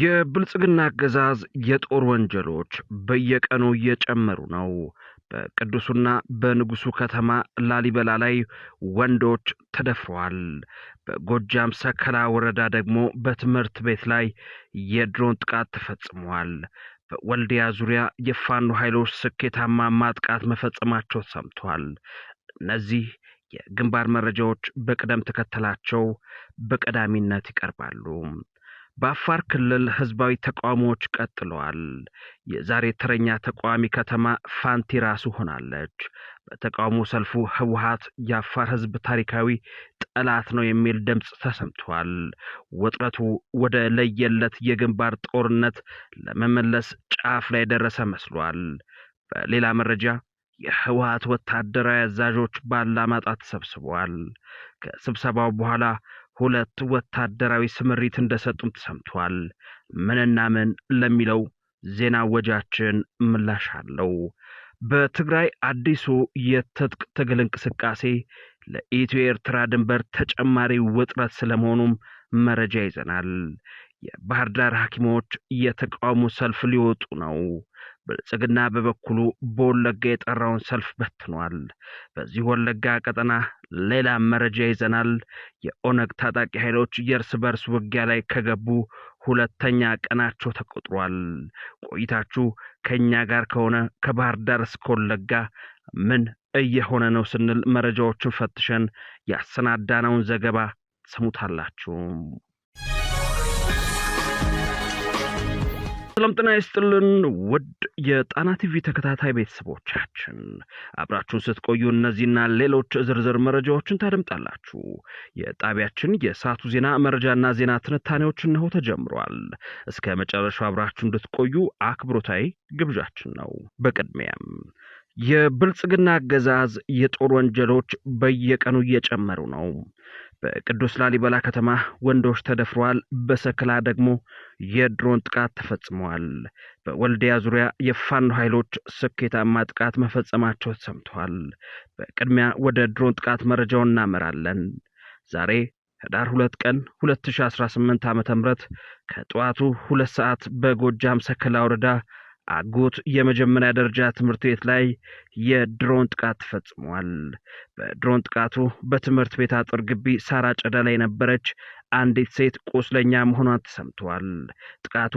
የብልጽግና አገዛዝ የጦር ወንጀሎች በየቀኑ እየጨመሩ ነው። በቅዱሱና በንጉሱ ከተማ ላሊበላ ላይ ወንዶች ተደፍረዋል። በጎጃም ሰከላ ወረዳ ደግሞ በትምህርት ቤት ላይ የድሮን ጥቃት ተፈጽሟል። በወልዲያ ዙሪያ የፋኖ ኃይሎች ስኬታማ ማጥቃት መፈጸማቸው ሰምቷል። እነዚህ የግንባር መረጃዎች በቅደም ተከተላቸው በቀዳሚነት ይቀርባሉ። በአፋር ክልል ህዝባዊ ተቃውሞዎች ቀጥለዋል። የዛሬ ተረኛ ተቃዋሚ ከተማ ፋንቲ ራሱ ሆናለች። በተቃውሞ ሰልፉ ህወሀት የአፋር ህዝብ ታሪካዊ ጠላት ነው የሚል ድምፅ ተሰምቷል። ውጥረቱ ወደ ለየለት የግንባር ጦርነት ለመመለስ ጫፍ ላይ ደረሰ መስሏል። በሌላ መረጃ የህወሀት ወታደራዊ አዛዦች ባላማጣ ተሰብስበዋል። ከስብሰባው በኋላ ሁለት ወታደራዊ ስምሪት እንደሰጡም ተሰምቷል። ምንና ምን ለሚለው ዜና ወጃችን ምላሽ አለው። በትግራይ አዲሱ የትጥቅ ትግል እንቅስቃሴ ለኢትዮ ኤርትራ ድንበር ተጨማሪ ውጥረት ስለመሆኑም መረጃ ይዘናል። የባህር ዳር ሐኪሞች የተቃውሞ ሰልፍ ሊወጡ ነው። ብልጽግና በበኩሉ በወለጋ የጠራውን ሰልፍ በትኗል። በዚህ ወለጋ ቀጠና ሌላ መረጃ ይዘናል። የኦነግ ታጣቂ ኃይሎች የእርስ በርስ ውጊያ ላይ ከገቡ ሁለተኛ ቀናቸው ተቆጥሯል። ቆይታችሁ ከእኛ ጋር ከሆነ ከባህር ዳር እስከ ወለጋ ምን እየሆነ ነው ስንል መረጃዎችን ፈትሸን ያሰናዳነውን ዘገባ ትሰሙታላችሁ። ሰላም ጤና ይስጥልን ውድ የጣና ቲቪ ተከታታይ ቤተሰቦቻችን፣ አብራችሁን ስትቆዩ እነዚህና ሌሎች ዝርዝር መረጃዎችን ታደምጣላችሁ። የጣቢያችን የሰዓቱ ዜና መረጃና ዜና ትንታኔዎች እነሆ ተጀምሯል። እስከ መጨረሻው አብራችሁ እንድትቆዩ አክብሮታዊ ግብዣችን ነው። በቅድሚያም የብልጽግና አገዛዝ የጦር ወንጀሎች በየቀኑ እየጨመሩ ነው። በቅዱስ ላሊበላ ከተማ ወንዶች ተደፍረዋል። በሰክላ ደግሞ የድሮን ጥቃት ተፈጽመዋል። በወልዲያ ዙሪያ የፋኖ ኃይሎች ስኬታማ ጥቃት መፈጸማቸው ተሰምተዋል። በቅድሚያ ወደ ድሮን ጥቃት መረጃው እናመራለን። ዛሬ ህዳር ሁለት ቀን 2018 ዓ ም ከጠዋቱ ሁለት ሰዓት በጎጃም ሰከላ ወረዳ አጎት የመጀመሪያ ደረጃ ትምህርት ቤት ላይ የድሮን ጥቃት ፈጽሟል። በድሮን ጥቃቱ በትምህርት ቤት አጥር ግቢ ሳር አጨዳ ላይ የነበረች አንዲት ሴት ቁስለኛ መሆኗ ተሰምተዋል። ጥቃቱ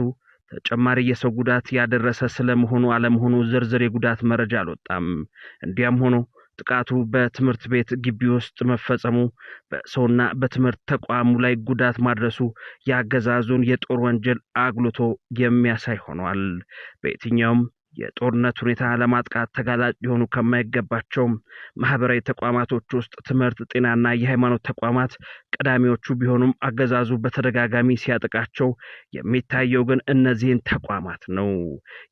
ተጨማሪ የሰው ጉዳት ያደረሰ ስለመሆኑ አለመሆኑ ዝርዝር የጉዳት መረጃ አልወጣም። እንዲያም ሆኖ ጥቃቱ በትምህርት ቤት ግቢ ውስጥ መፈጸሙ በሰውና በትምህርት ተቋሙ ላይ ጉዳት ማድረሱ የአገዛዙን የጦር ወንጀል አጉልቶ የሚያሳይ ሆኗል። በየትኛውም የጦርነት ሁኔታ ለማጥቃት ተጋላጭ ሊሆኑ ከማይገባቸው ማህበራዊ ተቋማቶች ውስጥ ትምህርት፣ ጤናና የሃይማኖት ተቋማት ቀዳሚዎቹ ቢሆኑም አገዛዙ በተደጋጋሚ ሲያጠቃቸው የሚታየው ግን እነዚህን ተቋማት ነው።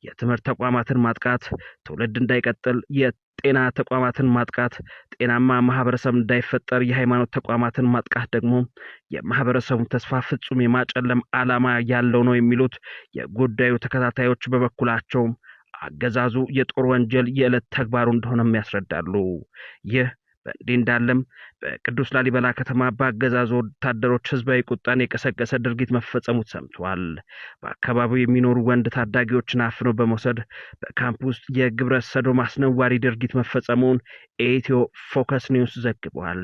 የትምህርት ተቋማትን ማጥቃት ትውልድ እንዳይቀጥል የጤና ተቋማትን ማጥቃት ጤናማ ማህበረሰብ እንዳይፈጠር፣ የሃይማኖት ተቋማትን ማጥቃት ደግሞ የማህበረሰቡን ተስፋ ፍጹም የማጨለም ዓላማ ያለው ነው የሚሉት የጉዳዩ ተከታታዮች በበኩላቸው አገዛዙ የጦር ወንጀል የዕለት ተግባሩ እንደሆነም ያስረዳሉ። ይህ በእንዲህ እንዳለም በቅዱስ ላሊበላ ከተማ በአገዛዙ ወታደሮች ህዝባዊ ቁጣን የቀሰቀሰ ድርጊት መፈጸሙ ሰምቷል። በአካባቢው የሚኖሩ ወንድ ታዳጊዎችን አፍኖ በመውሰድ በካምፕ ውስጥ የግብረ ሰዶ አስነዋሪ ድርጊት መፈጸሙን ኢትዮ ፎከስ ኒውስ ዘግቧል።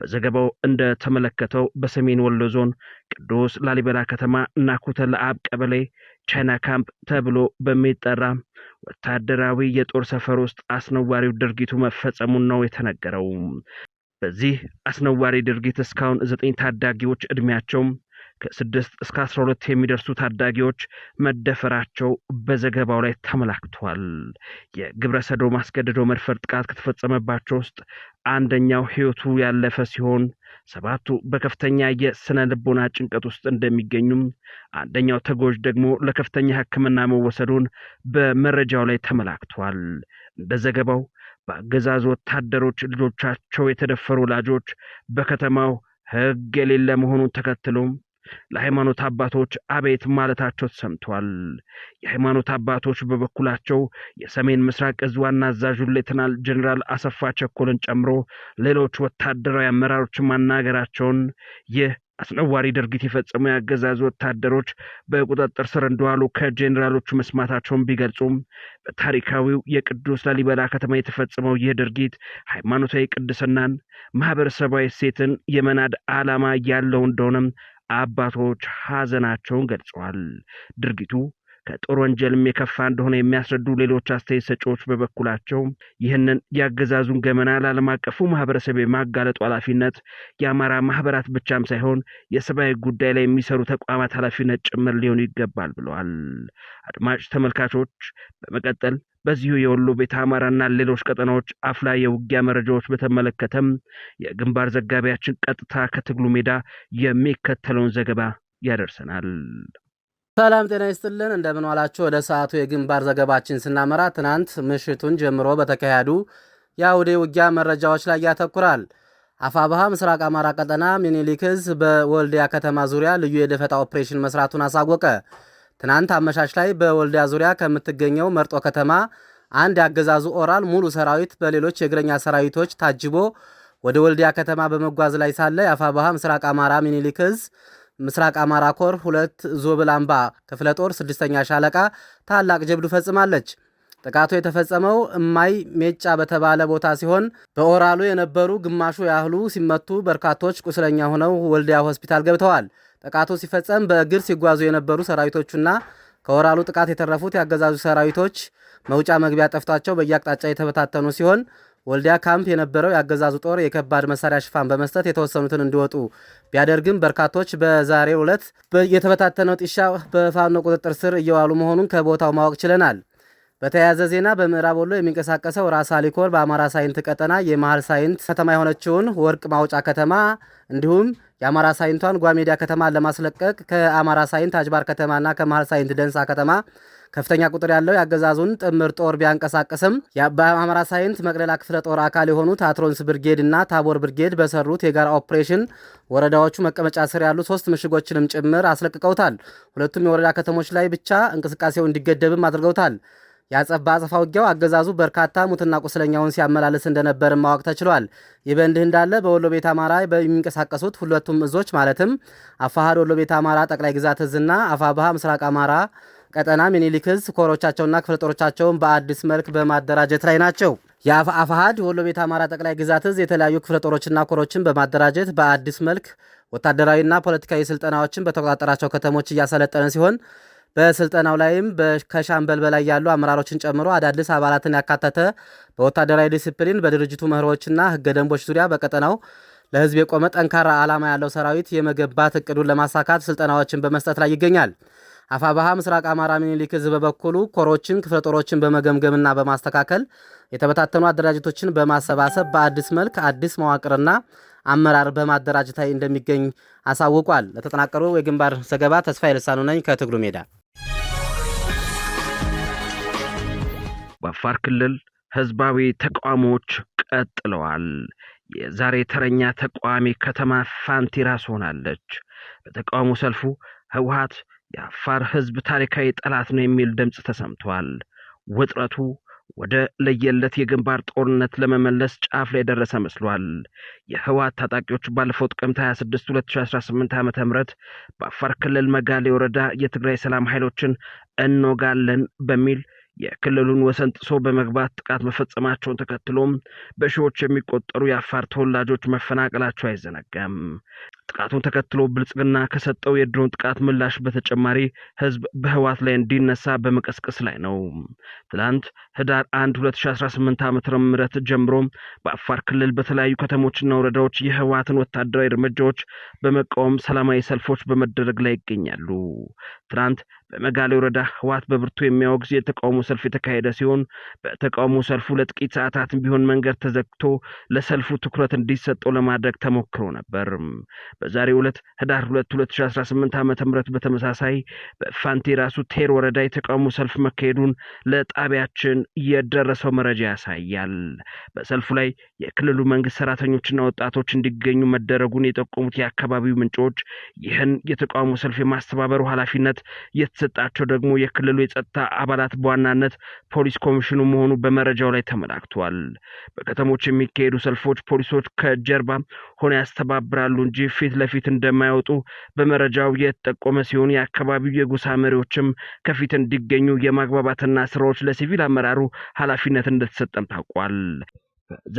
በዘገባው እንደተመለከተው በሰሜን ወሎ ዞን ቅዱስ ላሊበላ ከተማ እናኩተ ለአብ ቀበሌ ቻይና ካምፕ ተብሎ በሚጠራ ወታደራዊ የጦር ሰፈር ውስጥ አስነዋሪው ድርጊቱ መፈጸሙን ነው የተነገረው። በዚህ አስነዋሪ ድርጊት እስካሁን ዘጠኝ ታዳጊዎች እድሜያቸው ከስድስት እስከ አስራ ሁለት የሚደርሱ ታዳጊዎች መደፈራቸው በዘገባው ላይ ተመላክቷል። የግብረ ሰዶ ማስገደዶ መድፈር ጥቃት ከተፈጸመባቸው ውስጥ አንደኛው ሕይወቱ ያለፈ ሲሆን ሰባቱ በከፍተኛ የስነ ልቦና ጭንቀት ውስጥ እንደሚገኙም አንደኛው ተጎጅ ደግሞ ለከፍተኛ ሕክምና መወሰዱን በመረጃው ላይ ተመላክቷል። እንደ ዘገባው ወታደሮች ልጆቻቸው የተደፈሩ ወላጆች በከተማው ሕግ የሌለ መሆኑን ተከትሎም ለሃይማኖት አባቶች አቤት ማለታቸው ተሰምቷል። የሃይማኖት አባቶች በበኩላቸው የሰሜን ምስራቅ እዝ ዋና አዛዥ ሌተናል ጀኔራል አሰፋ ቸኮልን ጨምሮ ሌሎች ወታደራዊ አመራሮች ማናገራቸውን ይህ አስነዋሪ ድርጊት የፈጸሙ የአገዛዙ ወታደሮች በቁጥጥር ስር እንደዋሉ ከጄኔራሎቹ መስማታቸውን ቢገልጹም በታሪካዊው የቅዱስ ላሊበላ ከተማ የተፈጸመው ይህ ድርጊት ሃይማኖታዊ ቅድስናን፣ ማህበረሰባዊ ሴትን የመናድ ዓላማ ያለው እንደሆነም አባቶች ሐዘናቸውን ገልጸዋል። ድርጊቱ ከጦር ወንጀልም የከፋ እንደሆነ የሚያስረዱ ሌሎች አስተያየት ሰጪዎች በበኩላቸው ይህንን ያገዛዙን ገመና ለዓለም አቀፉ ማህበረሰብ የማጋለጡ ኃላፊነት የአማራ ማህበራት ብቻም ሳይሆን የሰብአዊ ጉዳይ ላይ የሚሰሩ ተቋማት ኃላፊነት ጭምር ሊሆኑ ይገባል ብለዋል። አድማጭ ተመልካቾች በመቀጠል በዚሁ የወሎ ቤተ አማራና ሌሎች ቀጠናዎች አፍላ የውጊያ መረጃዎች በተመለከተም የግንባር ዘጋቢያችን ቀጥታ ከትግሉ ሜዳ የሚከተለውን ዘገባ ያደርሰናል። ሰላም ጤና ይስጥልን፣ እንደምን ዋላችሁ። ወደ ሰዓቱ የግንባር ዘገባችን ስናመራ ትናንት ምሽቱን ጀምሮ በተካሄዱ የአውዴ ውጊያ መረጃዎች ላይ ያተኩራል። አፋብሃ ምስራቅ አማራ ቀጠና ሚኒሊክዝ በወልዲያ ከተማ ዙሪያ ልዩ የደፈጣ ኦፕሬሽን መስራቱን አሳወቀ። ትናንት አመሻሽ ላይ በወልዲያ ዙሪያ ከምትገኘው መርጦ ከተማ አንድ አገዛዙ ኦራል ሙሉ ሰራዊት በሌሎች የእግረኛ ሰራዊቶች ታጅቦ ወደ ወልዲያ ከተማ በመጓዝ ላይ ሳለ የአፋባሃ ምስራቅ አማራ ሚኒሊክ እዝ ምስራቅ አማራ ኮር ሁለት ዞብል አምባ ክፍለ ጦር ስድስተኛ ሻለቃ ታላቅ ጀብዱ ፈጽማለች። ጥቃቱ የተፈጸመው እማይ ሜጫ በተባለ ቦታ ሲሆን በኦራሉ የነበሩ ግማሹ ያህሉ ሲመቱ፣ በርካቶች ቁስለኛ ሆነው ወልዲያ ሆስፒታል ገብተዋል። ጥቃቱ ሲፈጸም በእግር ሲጓዙ የነበሩ ሰራዊቶቹና ከወራሉ ጥቃት የተረፉት የአገዛዙ ሰራዊቶች መውጫ መግቢያ ጠፍቷቸው በየአቅጣጫ የተበታተኑ ሲሆን ወልዲያ ካምፕ የነበረው የአገዛዙ ጦር የከባድ መሳሪያ ሽፋን በመስጠት የተወሰኑትን እንዲወጡ ቢያደርግም በርካቶች በዛሬው ዕለት የተበታተነው ጢሻ በፋኖ ቁጥጥር ስር እየዋሉ መሆኑን ከቦታው ማወቅ ችለናል። በተያያዘ ዜና በምዕራብ ወሎ የሚንቀሳቀሰው ራስ አሊኮር በአማራ ሳይንት ቀጠና የመሀል ሳይንት ከተማ የሆነችውን ወርቅ ማውጫ ከተማ እንዲሁም የአማራ ሳይንቷን ጓሜዳ ከተማ ለማስለቀቅ ከአማራ ሳይንት አጅባር ከተማና ከመሀል ሳይንት ደንሳ ከተማ ከፍተኛ ቁጥር ያለው የአገዛዙን ጥምር ጦር ቢያንቀሳቀስም በአማራ ሳይንት መቅደላ ክፍለ ጦር አካል የሆኑት አትሮንስ ብርጌድ እና ታቦር ብርጌድ በሰሩት የጋራ ኦፕሬሽን ወረዳዎቹ መቀመጫ ስር ያሉ ሶስት ምሽጎችንም ጭምር አስለቅቀውታል። ሁለቱም የወረዳ ከተሞች ላይ ብቻ እንቅስቃሴው እንዲገደብም አድርገውታል። የአጸፋ ውጊያው አገዛዙ በርካታ ሙትና ቁስለኛውን ሲያመላልስ እንደነበር ማወቅ ተችሏል። ይህ በእንዲህ እንዳለ በወሎ ቤት አማራ የሚንቀሳቀሱት ሁለቱም እዞች ማለትም አፋሃድ ወሎ ቤት አማራ ጠቅላይ ግዛት እዝና አፋብሃ ምስራቅ አማራ ቀጠና ሚኒሊክ እዝ ኮሮቻቸውና ክፍለ ጦሮቻቸውን በአዲስ መልክ በማደራጀት ላይ ናቸው። የአፋሃድ ወሎ ቤት አማራ ጠቅላይ ግዛት እዝ የተለያዩ ክፍለ ጦሮችና ኮሮችን በማደራጀት በአዲስ መልክ ወታደራዊና ፖለቲካዊ ስልጠናዎችን በተቆጣጠራቸው ከተሞች እያሰለጠነ ሲሆን በስልጠናው ላይም ከሻምበል በላይ ያሉ አመራሮችን ጨምሮ አዳዲስ አባላትን ያካተተ በወታደራዊ ዲሲፕሊን በድርጅቱ መርሆችና ህገ ደንቦች ዙሪያ በቀጠናው ለህዝብ የቆመ ጠንካራ ዓላማ ያለው ሰራዊት የመገንባት እቅዱን ለማሳካት ስልጠናዎችን በመስጠት ላይ ይገኛል። አፋባሃ ምስራቅ አማራ ሚኒሊክ ህዝብ በበኩሉ ኮሮችን፣ ክፍለጦሮችን በመገምገምና በማስተካከል የተበታተኑ አደራጀቶችን በማሰባሰብ በአዲስ መልክ አዲስ መዋቅርና አመራር በማደራጀት ላይ እንደሚገኝ አሳውቋል። ለተጠናቀሩ የግንባር ዘገባ ተስፋ የልሳኑ ነኝ ከትግሉ ሜዳ በአፋር ክልል ህዝባዊ ተቃውሞዎች ቀጥለዋል። የዛሬ ተረኛ ተቃዋሚ ከተማ ፋንቲ ራስ ሆናለች። በተቃውሞ ሰልፉ ህወሀት የአፋር ህዝብ ታሪካዊ ጠላት ነው የሚል ድምፅ ተሰምቷል። ውጥረቱ ወደ ለየለት የግንባር ጦርነት ለመመለስ ጫፍ ላይ የደረሰ መስሏል። የህወሀት ታጣቂዎች ባለፈው ጥቅምት 26 2018 ዓ ም በአፋር ክልል መጋሌ ወረዳ የትግራይ ሰላም ኃይሎችን እንወጋለን በሚል የክልሉን ወሰን ጥሶ በመግባት ጥቃት መፈጸማቸውን ተከትሎም በሺዎች የሚቆጠሩ የአፋር ተወላጆች መፈናቀላቸው አይዘነጋም። ጥቃቱን ተከትሎ ብልጽግና ከሰጠው የድሮን ጥቃት ምላሽ በተጨማሪ ህዝብ በህዋት ላይ እንዲነሳ በመቀስቀስ ላይ ነው። ትላንት ህዳር 1 2018 ዓ ም ጀምሮ በአፋር ክልል በተለያዩ ከተሞችና ወረዳዎች የህዋትን ወታደራዊ እርምጃዎች በመቃወም ሰላማዊ ሰልፎች በመደረግ ላይ ይገኛሉ። ትናንት በመጋሌ ወረዳ ህወሓት በብርቱ የሚያወግዝ የተቃውሞ ሰልፍ የተካሄደ ሲሆን በተቃውሞ ሰልፉ ለጥቂት ሰዓታትም ቢሆን መንገድ ተዘግቶ ለሰልፉ ትኩረት እንዲሰጠው ለማድረግ ተሞክሮ ነበር። በዛሬው ዕለት ህዳር 2 2018 ዓ ም በተመሳሳይ በፋንቲ ራሱ ቴር ወረዳ የተቃውሞ ሰልፍ መካሄዱን ለጣቢያችን የደረሰው መረጃ ያሳያል። በሰልፉ ላይ የክልሉ መንግስት ሰራተኞችና ወጣቶች እንዲገኙ መደረጉን የጠቆሙት የአካባቢው ምንጮች ይህን የተቃውሞ ሰልፍ የማስተባበሩ ኃላፊነት የተሰጣቸው ደግሞ የክልሉ የጸጥታ አባላት በዋናነት ፖሊስ ኮሚሽኑ መሆኑ በመረጃው ላይ ተመላክቷል። በከተሞች የሚካሄዱ ሰልፎች ፖሊሶች ከጀርባ ሆነ ያስተባብራሉ እንጂ ፊት ለፊት እንደማይወጡ በመረጃው የተጠቆመ ሲሆን የአካባቢው የጎሳ መሪዎችም ከፊት እንዲገኙ የማግባባትና ስራዎች ለሲቪል አመራሩ ኃላፊነት እንደተሰጠም ታውቋል።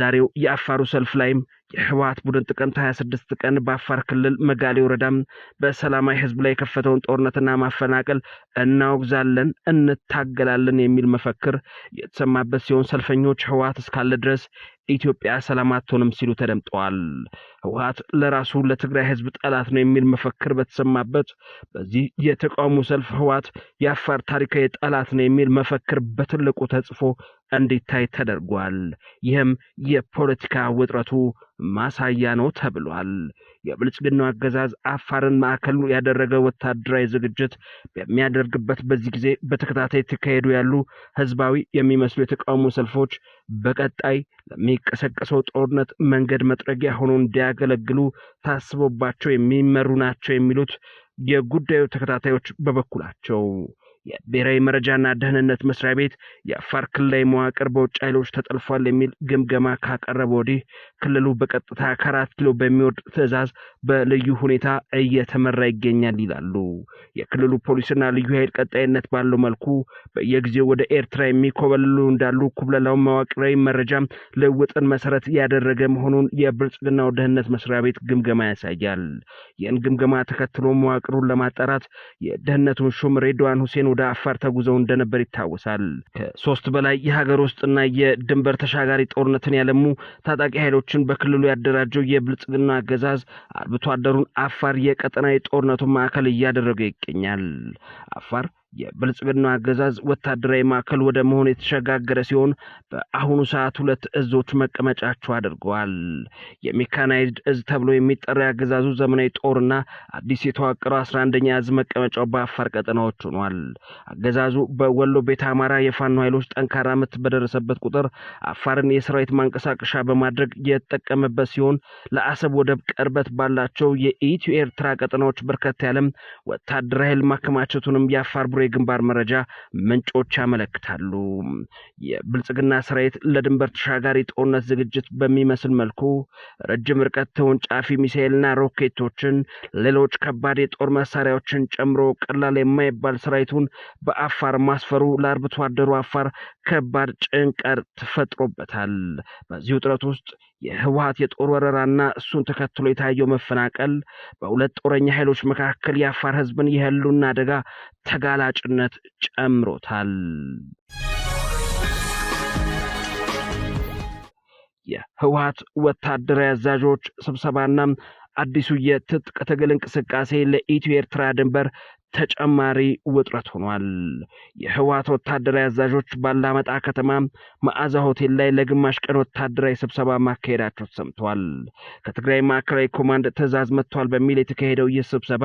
ዛሬው የአፋሩ ሰልፍ ላይም የህወሀት ቡድን ጥቅምት 26 ቀን በአፋር ክልል መጋሌ ወረዳም በሰላማዊ ህዝብ ላይ የከፈተውን ጦርነትና ማፈናቀል እናወግዛለን፣ እንታገላለን የሚል መፈክር የተሰማበት ሲሆን ሰልፈኞች ህወሀት እስካለ ድረስ ኢትዮጵያ ሰላም አትሆንም ሲሉ ተደምጠዋል። ህወሀት ለራሱ ለትግራይ ህዝብ ጠላት ነው የሚል መፈክር በተሰማበት በዚህ የተቃውሞ ሰልፍ ህወሀት የአፋር ታሪካዊ ጠላት ነው የሚል መፈክር በትልቁ ተጽፎ እንዲታይ ተደርጓል። ይህም የፖለቲካ ውጥረቱ ማሳያ ነው ተብሏል። የብልጽግናው አገዛዝ አፋርን ማዕከል ያደረገ ወታደራዊ ዝግጅት በሚያደርግበት በዚህ ጊዜ በተከታታይ ተካሄዱ ያሉ ህዝባዊ የሚመስሉ የተቃውሞ ሰልፎች በቀጣይ ለሚቀሰቀሰው ጦርነት መንገድ መጥረጊያ ሆኖ እንዲያገለግሉ ታስቦባቸው የሚመሩ ናቸው የሚሉት የጉዳዩ ተከታታዮች በበኩላቸው የብሔራዊ መረጃና ደህንነት መስሪያ ቤት የአፋር ክልላዊ መዋቅር በውጭ ኃይሎች ተጠልፏል የሚል ግምገማ ካቀረበ ወዲህ ክልሉ በቀጥታ ከአራት ኪሎ በሚወርድ ትዕዛዝ በልዩ ሁኔታ እየተመራ ይገኛል ይላሉ። የክልሉ ፖሊስና ልዩ ኃይል ቀጣይነት ባለው መልኩ በየጊዜው ወደ ኤርትራ የሚኮበልሉ እንዳሉ ኩብለላውን መዋቅራዊ መረጃ ልውጥን መሰረት ያደረገ መሆኑን የብልጽግናው ደህንነት መስሪያ ቤት ግምገማ ያሳያል። ይህን ግምገማ ተከትሎ መዋቅሩን ለማጣራት የደህንነቱን ሹም ሬድዋን ሁሴን ወደ አፋር ተጉዘው እንደነበር ይታወሳል። ከሶስት በላይ የሀገር ውስጥና የድንበር ተሻጋሪ ጦርነትን ያለሙ ታጣቂ ኃይሎችን በክልሉ ያደራጀው የብልጽግና አገዛዝ አርብቶ አደሩን አፋር የቀጠና የጦርነቱን ማዕከል እያደረገ ይገኛል። አፋር የብልጽግና አገዛዝ ወታደራዊ ማዕከል ወደ መሆን የተሸጋገረ ሲሆን በአሁኑ ሰዓት ሁለት እዞች መቀመጫቸው አድርገዋል። የሜካናይዝድ እዝ ተብሎ የሚጠራ ያገዛዙ ዘመናዊ ጦርና አዲስ የተዋቀረው አስራ አንደኛ እዝ መቀመጫው በአፋር ቀጠናዎች ሆኗል። አገዛዙ በወሎ ቤተ አማራ የፋኖ ኃይሎች ጠንካራ ምት በደረሰበት ቁጥር አፋርን የሰራዊት ማንቀሳቀሻ በማድረግ የተጠቀመበት ሲሆን ለአሰብ ወደብ ቅርበት ባላቸው የኢትዮ ኤርትራ ቀጠናዎች በርከት ያለም ወታደራዊ ኃይል ማከማቸቱንም የአፋር የጉምሬ ግንባር መረጃ ምንጮች ያመለክታሉ። የብልጽግና ሰራዊት ለድንበር ተሻጋሪ ጦርነት ዝግጅት በሚመስል መልኩ ረጅም ርቀት ተወንጫፊ ሚሳኤልና ሮኬቶችን፣ ሌሎች ከባድ የጦር መሳሪያዎችን ጨምሮ ቀላል የማይባል ሰራዊቱን በአፋር ማስፈሩ ለአርብቶ አደሩ አፋር ከባድ ጭንቀት ፈጥሮበታል። በዚህ ውጥረት ውስጥ የህወሀት የጦር ወረራና እሱን ተከትሎ የታየው መፈናቀል በሁለት ጦረኛ ኃይሎች መካከል የአፋር ህዝብን የህሉና አደጋ ተጋላጭነት ጨምሮታል። የህወሀት ወታደራዊ አዛዦች ስብሰባና አዲሱ የትጥቅ ትግል እንቅስቃሴ ለኢትዮ ኤርትራ ድንበር ተጨማሪ ውጥረት ሆኗል። የህወሓት ወታደራዊ አዛዦች ባላመጣ ከተማ መዓዛ ሆቴል ላይ ለግማሽ ቀን ወታደራዊ ስብሰባ ማካሄዳቸው ተሰምተዋል። ከትግራይ ማዕከላዊ ኮማንድ ትዕዛዝ መጥቷል በሚል የተካሄደው ይህ ስብሰባ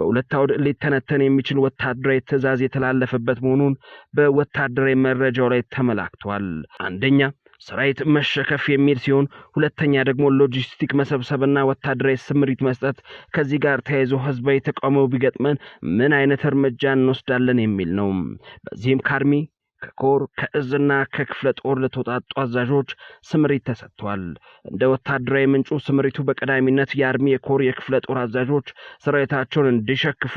በሁለት አውድ ሊተነተን የሚችል ወታደራዊ ትዕዛዝ የተላለፈበት መሆኑን በወታደራዊ መረጃው ላይ ተመላክቷል። አንደኛ ሰራዊት መሸከፍ የሚል ሲሆን ሁለተኛ ደግሞ ሎጂስቲክ መሰብሰብና ወታደራዊ ስምሪት መስጠት፣ ከዚህ ጋር ተያይዞ ህዝባዊ ተቃውሞ ቢገጥመን ምን አይነት እርምጃ እንወስዳለን የሚል ነው። በዚህም ከአርሚ ከኮር ከእዝና ከክፍለ ጦር ለተውጣጡ አዛዦች ስምሪት ተሰጥቷል። እንደ ወታደራዊ ምንጩ ስምሪቱ በቀዳሚነት የአርሚ የኮር፣ የክፍለ ጦር አዛዦች ሰራዊታቸውን እንዲሸክፉ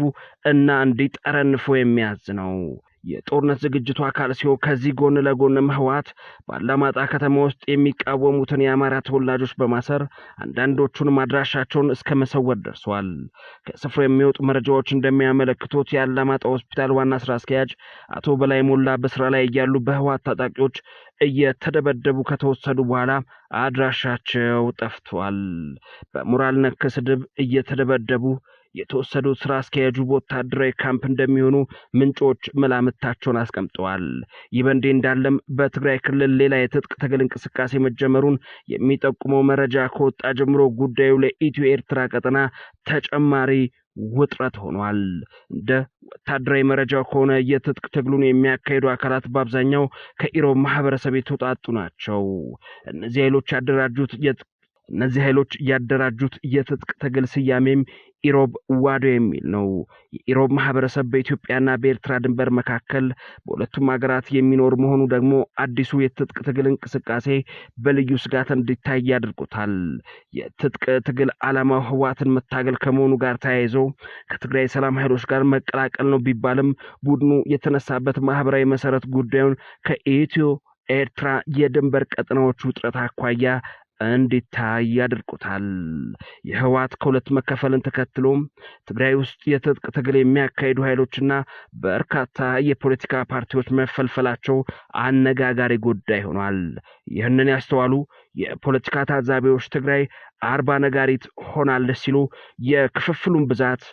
እና እንዲጠረንፉ የሚያዝ ነው። የጦርነት ዝግጅቱ አካል ሲሆን ከዚህ ጎን ለጎንም ህወሓት በአላማጣ ከተማ ውስጥ የሚቃወሙትን የአማራ ተወላጆች በማሰር አንዳንዶቹን ማድራሻቸውን እስከ መሰወር ደርሰዋል። ከስፍራ የሚወጡ መረጃዎች እንደሚያመለክቱት የአላማጣ ሆስፒታል ዋና ስራ አስኪያጅ አቶ በላይ ሞላ በስራ ላይ እያሉ በህወሓት ታጣቂዎች እየተደበደቡ ከተወሰዱ በኋላ አድራሻቸው ጠፍቷል። በሞራል ነክ ስድብ እየተደበደቡ የተወሰዱት ስራ አስኪያጁ በወታደራዊ ካምፕ እንደሚሆኑ ምንጮች መላምታቸውን አስቀምጠዋል። ይህ በእንዲህ እንዳለም በትግራይ ክልል ሌላ የትጥቅ ትግል እንቅስቃሴ መጀመሩን የሚጠቁመው መረጃ ከወጣ ጀምሮ ጉዳዩ ለኢትዮ ኤርትራ ቀጠና ተጨማሪ ውጥረት ሆኗል። እንደ ወታደራዊ መረጃው ከሆነ የትጥቅ ትግሉን የሚያካሂዱ አካላት በአብዛኛው ከኢሮብ ማህበረሰብ የተውጣጡ ናቸው። እነዚህ ኃይሎች ያደራጁት እነዚህ ኃይሎች ያደራጁት የትጥቅ ትግል ስያሜም ኢሮብ ዋዶ የሚል ነው። የኢሮብ ማህበረሰብ በኢትዮጵያና በኤርትራ ድንበር መካከል በሁለቱም ሀገራት የሚኖር መሆኑ ደግሞ አዲሱ የትጥቅ ትግል እንቅስቃሴ በልዩ ስጋት እንዲታይ ያድርጎታል። የትጥቅ ትግል ዓላማው ህወሓትን መታገል ከመሆኑ ጋር ተያይዞ ከትግራይ ሰላም ኃይሎች ጋር መቀላቀል ነው ቢባልም ቡድኑ የተነሳበት ማህበራዊ መሰረት ጉዳዩን ከኢትዮ ኤርትራ የድንበር ቀጠናዎች ውጥረት አኳያ እንዲታይ አድርጎታል። የህወሓት ከሁለት መከፈልን ተከትሎም ትግራይ ውስጥ የትጥቅ ትግል የሚያካሂዱ ኃይሎችና በርካታ የፖለቲካ ፓርቲዎች መፈልፈላቸው አነጋጋሪ ጉዳይ ሆኗል። ይህንን ያስተዋሉ የፖለቲካ ታዛቢዎች ትግራይ አርባ ነጋሪት ሆናለች ሲሉ የክፍፍሉን ብዛት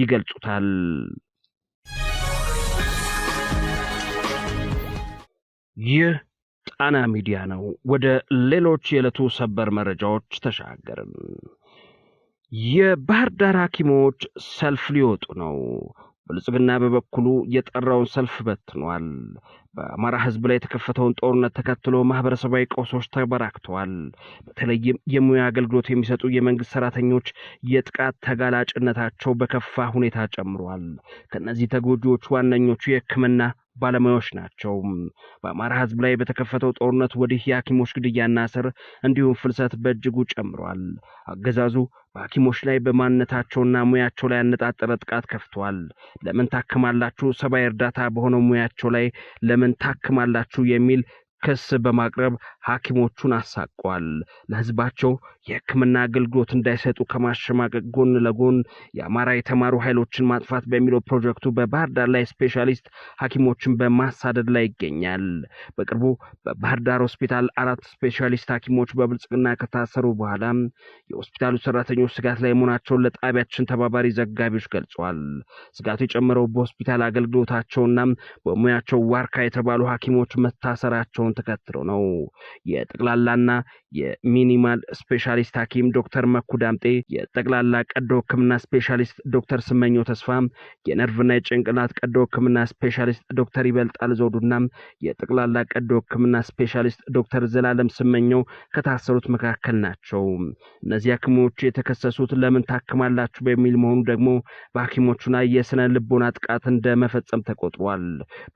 ይገልጹታል። ይህ ጣና ሚዲያ ነው። ወደ ሌሎች የዕለቱ ሰበር መረጃዎች ተሻገርን። የባህር ዳር ሐኪሞች ሰልፍ ሊወጡ ነው። ብልጽግና በበኩሉ የጠራውን ሰልፍ በትኗል። በአማራ ሕዝብ ላይ የተከፈተውን ጦርነት ተከትሎ ማህበረሰባዊ ቀውሶች ተበራክተዋል። በተለይም የሙያ አገልግሎት የሚሰጡ የመንግስት ሰራተኞች የጥቃት ተጋላጭነታቸው በከፋ ሁኔታ ጨምሯል። ከእነዚህ ተጎጂዎች ዋነኞቹ የሕክምና ባለሙያዎች ናቸው። በአማራ ህዝብ ላይ በተከፈተው ጦርነት ወዲህ የሐኪሞች ግድያና እስር እንዲሁም ፍልሰት በእጅጉ ጨምሯል። አገዛዙ በሐኪሞች ላይ በማንነታቸውና ሙያቸው ላይ ያነጣጠረ ጥቃት ከፍቷል። ለምን ታክማላችሁ? ሰብአዊ እርዳታ በሆነው ሙያቸው ላይ ለምን ታክማላችሁ? የሚል ክስ በማቅረብ ሐኪሞቹን አሳቋል። ለህዝባቸው የሕክምና አገልግሎት እንዳይሰጡ ከማሸማቀቅ ጎን ለጎን የአማራ የተማሩ ኃይሎችን ማጥፋት በሚለው ፕሮጀክቱ በባህር ዳር ላይ ስፔሻሊስት ሐኪሞችን በማሳደድ ላይ ይገኛል። በቅርቡ በባህር ዳር ሆስፒታል አራት ስፔሻሊስት ሐኪሞች በብልጽግና ከታሰሩ በኋላ የሆስፒታሉ ሰራተኞች ስጋት ላይ መሆናቸውን ለጣቢያችን ተባባሪ ዘጋቢዎች ገልጿል። ስጋቱ የጨመረው በሆስፒታል አገልግሎታቸውና በሙያቸው ዋርካ የተባሉ ሐኪሞች መታሰራቸውን ተከትሎ ነው። የጠቅላላና የሚኒማል ስፔሻ ስፔሻሊስት ሐኪም ዶክተር መኩ ዳምጤ፣ የጠቅላላ ቀዶ ሕክምና ስፔሻሊስት ዶክተር ስመኞ ተስፋ፣ የነርቭና የጭንቅላት ቀዶ ሕክምና ስፔሻሊስት ዶክተር ይበልጣል ዘውዱና የጠቅላላ ቀዶ ሕክምና ስፔሻሊስት ዶክተር ዘላለም ስመኘው ከታሰሩት መካከል ናቸው። እነዚህ ሐኪሞች የተከሰሱት ለምን ታክማላችሁ በሚል መሆኑ ደግሞ በሐኪሞቹ ላይ የስነ ልቦና ጥቃት እንደመፈጸም ተቆጥሯል።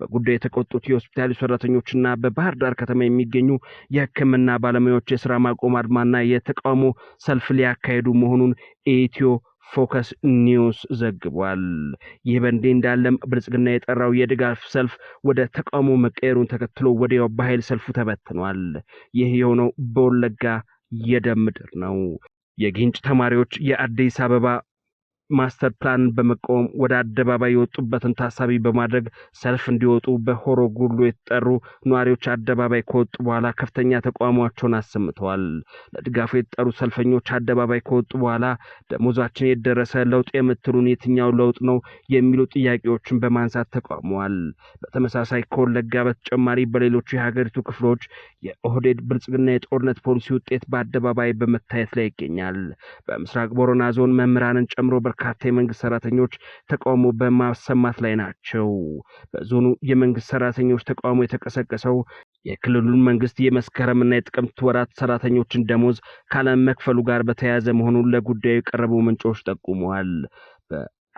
በጉዳዩ የተቆጡት የሆስፒታሉ ሰራተኞችና በባህር ዳር ከተማ የሚገኙ የህክምና ባለሙያዎች የስራ ማቆም አድማና የተቃ ተቃውሞ ሰልፍ ሊያካሂዱ መሆኑን ኢትዮ ፎከስ ኒውስ ዘግቧል። ይህ በእንዲህ እንዳለም ብልጽግና የጠራው የድጋፍ ሰልፍ ወደ ተቃውሞ መቀየሩን ተከትሎ ወዲያው በኃይል ሰልፉ ተበትኗል። ይህ የሆነው በወለጋ የደም ምድር ነው። የግንጭ ተማሪዎች የአዲስ አበባ ማስተር ፕላን በመቃወም ወደ አደባባይ የወጡበትን ታሳቢ በማድረግ ሰልፍ እንዲወጡ በሆሮ ጉሉ የተጠሩ ነዋሪዎች አደባባይ ከወጡ በኋላ ከፍተኛ ተቃውሟቸውን አሰምተዋል። ለድጋፉ የተጠሩ ሰልፈኞች አደባባይ ከወጡ በኋላ ደሞዛችን የደረሰ ለውጥ የምትሉን የትኛው ለውጥ ነው የሚሉ ጥያቄዎችን በማንሳት ተቃውመዋል። በተመሳሳይ ከወለጋ በተጨማሪ በሌሎቹ የሀገሪቱ ክፍሎች የኦህዴድ ብልጽግና የጦርነት ፖሊሲ ውጤት በአደባባይ በመታየት ላይ ይገኛል። በምስራቅ ቦረና ዞን መምህራንን ጨምሮ በርካታ የመንግስት ሰራተኞች ተቃውሞ በማሰማት ላይ ናቸው። በዞኑ የመንግስት ሰራተኞች ተቃውሞ የተቀሰቀሰው የክልሉን መንግስት የመስከረምና የጥቅምት ወራት ሰራተኞችን ደሞዝ ካለመክፈሉ ጋር በተያያዘ መሆኑን ለጉዳዩ የቀረቡ ምንጮች ጠቁመዋል።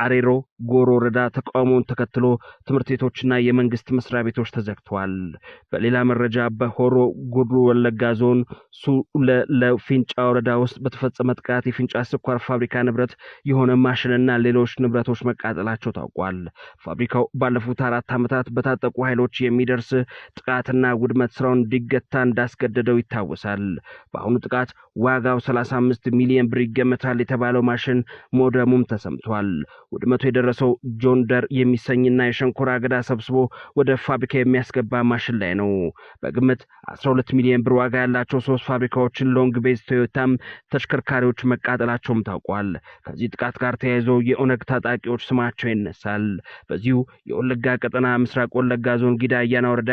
አሬሮ ጎሮ ወረዳ ተቃውሞውን ተከትሎ ትምህርት ቤቶችና የመንግስት መስሪያ ቤቶች ተዘግተዋል። በሌላ መረጃ በሆሮ ጉድሩ ወለጋ ዞን ለፊንጫ ወረዳ ውስጥ በተፈጸመ ጥቃት የፊንጫ ስኳር ፋብሪካ ንብረት የሆነ ማሽንና ሌሎች ንብረቶች መቃጠላቸው ታውቋል። ፋብሪካው ባለፉት አራት ዓመታት በታጠቁ ኃይሎች የሚደርስ ጥቃትና ውድመት ስራውን እንዲገታ እንዳስገደደው ይታወሳል። በአሁኑ ጥቃት ዋጋው 35 ሚሊዮን ብር ይገመታል የተባለው ማሽን ሞደሙም ተሰምቷል። ውድመቱ የደረሰው ጆንደር የሚሰኝና የሸንኮራ አገዳ ሰብስቦ ወደ ፋብሪካ የሚያስገባ ማሽን ላይ ነው። በግምት 12 ሚሊዮን ብር ዋጋ ያላቸው ሶስት ፋብሪካዎችን ሎንግ ቤዝ ቶዮታም ተሽከርካሪዎች መቃጠላቸውም ታውቋል። ከዚህ ጥቃት ጋር ተያይዞ የኦነግ ታጣቂዎች ስማቸው ይነሳል። በዚሁ የወለጋ ቀጠና ምስራቅ ወለጋ ዞን ጊዳ አያና ወረዳ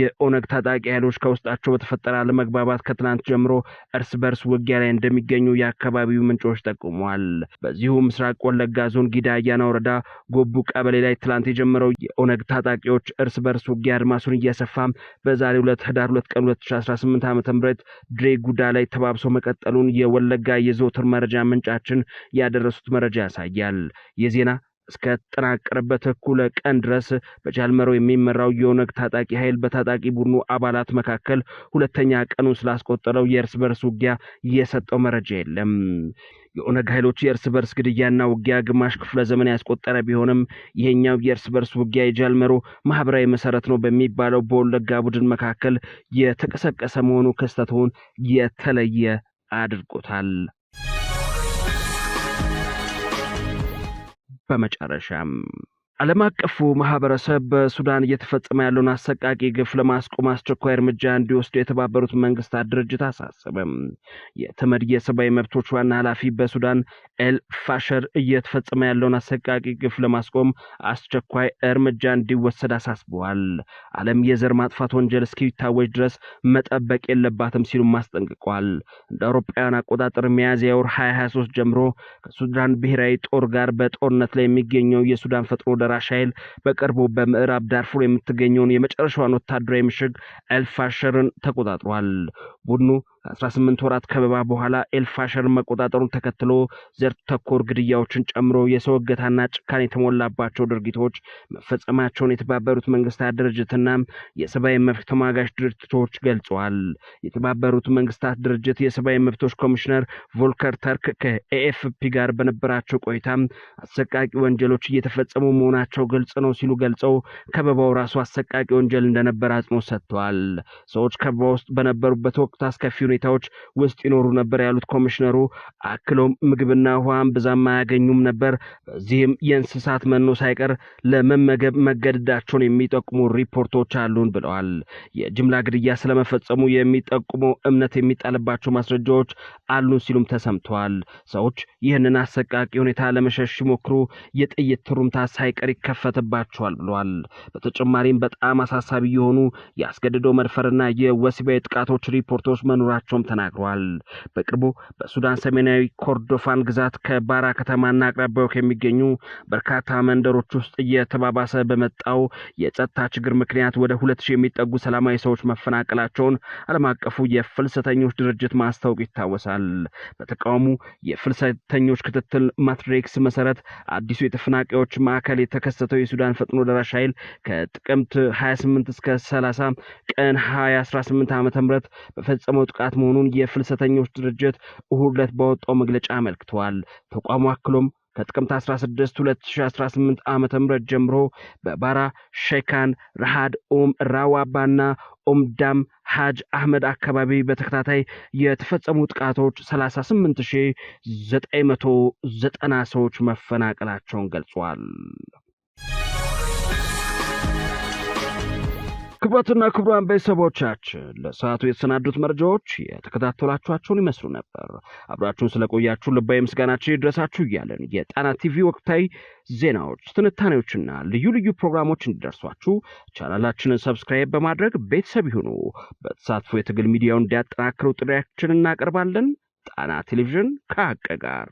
የኦነግ ታጣቂ ኃይሎች ከውስጣቸው በተፈጠረ አለመግባባት ከትናንት ጀምሮ እርስ በርስ ውጊያ ላይ እንደሚገኙ የአካባቢው ምንጮች ጠቁመዋል። በዚሁ ምስራቅ ወለጋ ዞን ጊዳ አያና ወረዳ ጎቡ ቀበሌ ላይ ትላንት የጀመረው የኦነግ ታጣቂዎች እርስ በርስ ውጊያ አድማሱን እያሰፋ በዛሬ ሁለት ህዳር ሁለት ቀን 2018 ዓ ም ድሬ ጉዳ ላይ ተባብሶ መቀጠሉን የወለጋ የዘውትር መረጃ ምንጫችን ያደረሱት መረጃ ያሳያል። የዜና እስከተጠናቀረበት እኩለ ቀን ድረስ በጃልመሮ የሚመራው የኦነግ ታጣቂ ኃይል በታጣቂ ቡድኑ አባላት መካከል ሁለተኛ ቀኑን ስላስቆጠረው የእርስ በርስ ውጊያ እየሰጠው መረጃ የለም። የኦነግ ኃይሎች የእርስ በርስ ግድያና ውጊያ ግማሽ ክፍለ ዘመን ያስቆጠረ ቢሆንም ይሄኛው የእርስ በርስ ውጊያ የጃልመሮ ማህበራዊ መሰረት ነው በሚባለው በወለጋ ቡድን መካከል የተቀሰቀሰ መሆኑ ክስተቱን የተለየ አድርጎታል። በመጨረሻም ዓለም አቀፉ ማህበረሰብ በሱዳን እየተፈጸመ ያለውን አሰቃቂ ግፍ ለማስቆም አስቸኳይ እርምጃ እንዲወስዱ የተባበሩት መንግስታት ድርጅት አሳሰበም። የተመድ የሰብአዊ መብቶች ዋና ኃላፊ በሱዳን ኤል ፋሸር እየተፈጸመ ያለውን አሰቃቂ ግፍ ለማስቆም አስቸኳይ እርምጃ እንዲወሰድ አሳስበዋል። ዓለም የዘር ማጥፋት ወንጀል እስኪታወጅ ድረስ መጠበቅ የለባትም ሲሉም አስጠንቅቋል። እንደ አውሮፓውያን አቆጣጠር ሚያዝያ ወር 2023 ጀምሮ ከሱዳን ብሔራዊ ጦር ጋር በጦርነት ላይ የሚገኘው የሱዳን ፈጥኖ ደራሽ ኃይል በቅርቡ በምዕራብ ዳርፉር የምትገኘውን የመጨረሻዋን ወታደራዊ ምሽግ አልፋሸርን ተቆጣጥሯል። ቡድኑ ከ18 ወራት ከበባ በኋላ ኤልፋሸር መቆጣጠሩን ተከትሎ ዘር ተኮር ግድያዎችን ጨምሮ የሰው እገታና ጭካኔ የተሞላባቸው ድርጊቶች መፈጸማቸውን የተባበሩት መንግስታት ድርጅትና የሰብአዊ መብት ተሟጋች ድርጅቶች ገልጸዋል። የተባበሩት መንግስታት ድርጅት የሰብአዊ መብቶች ኮሚሽነር ቮልከር ተርክ ከኤኤፍፒ ጋር በነበራቸው ቆይታ አሰቃቂ ወንጀሎች እየተፈጸሙ መሆናቸው ግልጽ ነው ሲሉ ገልጸው ከበባው ራሱ አሰቃቂ ወንጀል እንደነበር አጽንኦት ሰጥተዋል። ሰዎች ከበባ ውስጥ በነበሩበት ወቅት አስከፊ ሁኔታዎች ውስጥ ይኖሩ ነበር ያሉት ኮሚሽነሩ አክለውም ምግብና ውሃም ብዛም አያገኙም ነበር። በዚህም የእንስሳት መኖ ሳይቀር ለመመገብ መገደዳቸውን የሚጠቁሙ ሪፖርቶች አሉን ብለዋል። የጅምላ ግድያ ስለመፈጸሙ የሚጠቁሙ እምነት የሚጣልባቸው ማስረጃዎች አሉን ሲሉም ተሰምተዋል። ሰዎች ይህንን አሰቃቂ ሁኔታ ለመሸሽ ሲሞክሩ የጥይት ትሩምታ ሳይቀር ይከፈትባቸዋል ብለዋል። በተጨማሪም በጣም አሳሳቢ የሆኑ የአስገድዶ መድፈርና የወሲባዊ ጥቃቶች ሪፖርቶች መኖራቸው መሆናቸውም ተናግረዋል። በቅርቡ በሱዳን ሰሜናዊ ኮርዶፋን ግዛት ከባራ ከተማና አቅራቢያው ከሚገኙ በርካታ መንደሮች ውስጥ እየተባባሰ በመጣው የጸጥታ ችግር ምክንያት ወደ ሁለት ሺህ የሚጠጉ ሰላማዊ ሰዎች መፈናቀላቸውን ዓለም አቀፉ የፍልሰተኞች ድርጅት ማስታወቅ ይታወሳል። በተቃውሞ የፍልሰተኞች ክትትል ማትሪክስ መሰረት አዲሱ የተፈናቃዮች ማዕከል የተከሰተው የሱዳን ፈጥኖ ደራሽ ኃይል ከጥቅምት 28 እስከ 30 ቀን 2018 ዓ ም በፈጸመው ጥቃት ጥቃት መሆኑን የፍልሰተኞች ድርጅት እሁድ ዕለት ባወጣው መግለጫ አመልክተዋል። ተቋሙ አክሎም ከጥቅምት 16 2018 ዓ ም ጀምሮ በባራ ሸካን፣ ረሃድ ኡም፣ ራዋባና ኡምዳም ሐጅ አህመድ አካባቢ በተከታታይ የተፈጸሙ ጥቃቶች 38990 ሰዎች መፈናቀላቸውን ገልጿል። ክቡራትና ክቡራን ቤተሰቦቻችን ለሰዓቱ የተሰናዱት መረጃዎች የተከታተላችኋቸውን ይመስሉ ነበር። አብራችሁን ስለቆያችሁ ልባዊ ምስጋናችን ይድረሳችሁ እያለን የጣና ቲቪ ወቅታዊ ዜናዎች፣ ትንታኔዎችና ልዩ ልዩ ፕሮግራሞች እንዲደርሷችሁ ቻናላችንን ሰብስክራይብ በማድረግ ቤተሰብ ይሁኑ። በተሳትፎ የትግል ሚዲያውን እንዲያጠናክሩ ጥሪያችን እናቀርባለን። ጣና ቴሌቪዥን ከሀቅ ጋር